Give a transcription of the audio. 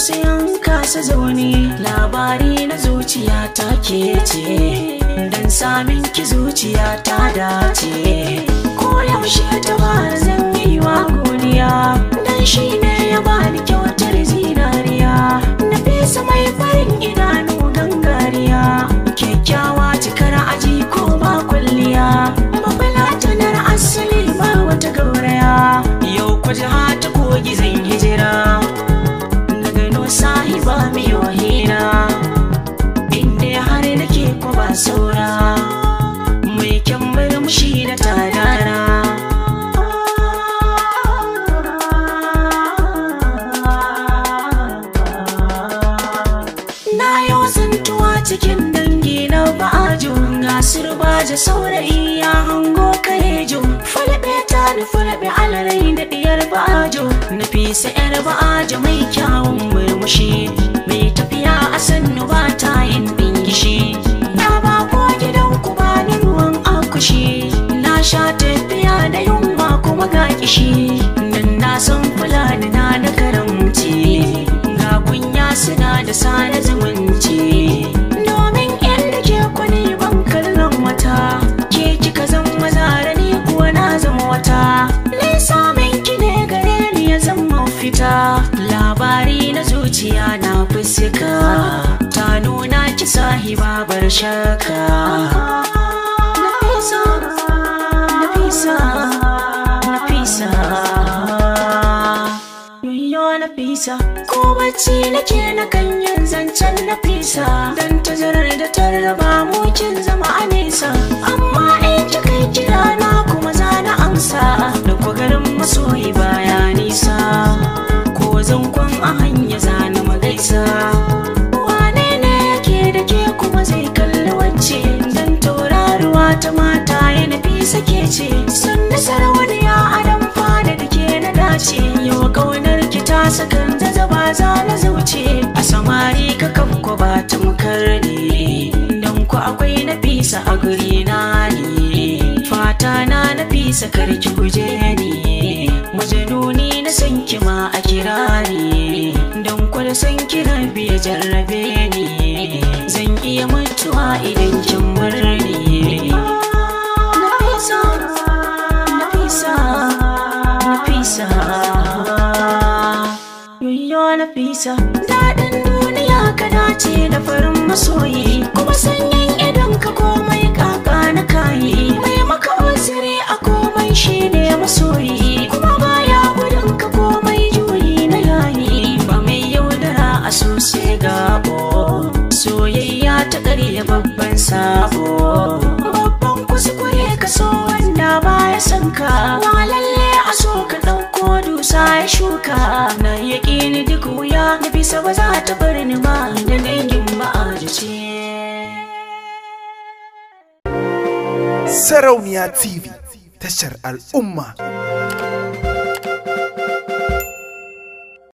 sayan kasa zaune labari na zuciya ta ke ce don samin ki zuciya ta dace ko yaushe ta zan yi wa godiya cikin dangi na ga gasir baje saurayi ya hango karejo falabe ta da falabe alarai da diyar ba'ajo nafisa yar ba'ajo mai kyawun murmushi mai tafiya a sannu ba ta yin bingishi na ba ko gidan ku ba ni ruwan akushi na sha tafiya da yunwa kuma ga kishi nan na san fulani na na karamci ga kunya suna da sana zaman fusika ta nuna ki sahi babar shaka Nafisa na ko bacci nake na kanyin zancen Nafisa dan da ta raba mu zama a nesa amma in kai kira na kuma za na amsa da kwagarin masoyi isa wane ne yake da ke kuma zai kalli wacce dan tauraruwa ta mata ya nufi sake ce sun sarauniya a dan fada da ke na dace yau kaunar ki ta sakan zazzaba za na zauce a samari ka kafko ba tamkar ne dan ku akwai na a guri na ne fata na na fisa karki guje Kamar san kina biya jarrabe ne. Zan iya mutuwa idan kin bar ni Nafisa Nafisa Nafisa Yoyo Nafisa Daɗi sai gabo soyayya ta ƙarya babban sabo babban kuskure ka so wanda baya son ka ma lalle a so ka ɗauko dusa ya shuka na ni duk wuya na bisa ba za ta bar ni ba da dangin ma'ajice Sarauniya TV tashar al'umma.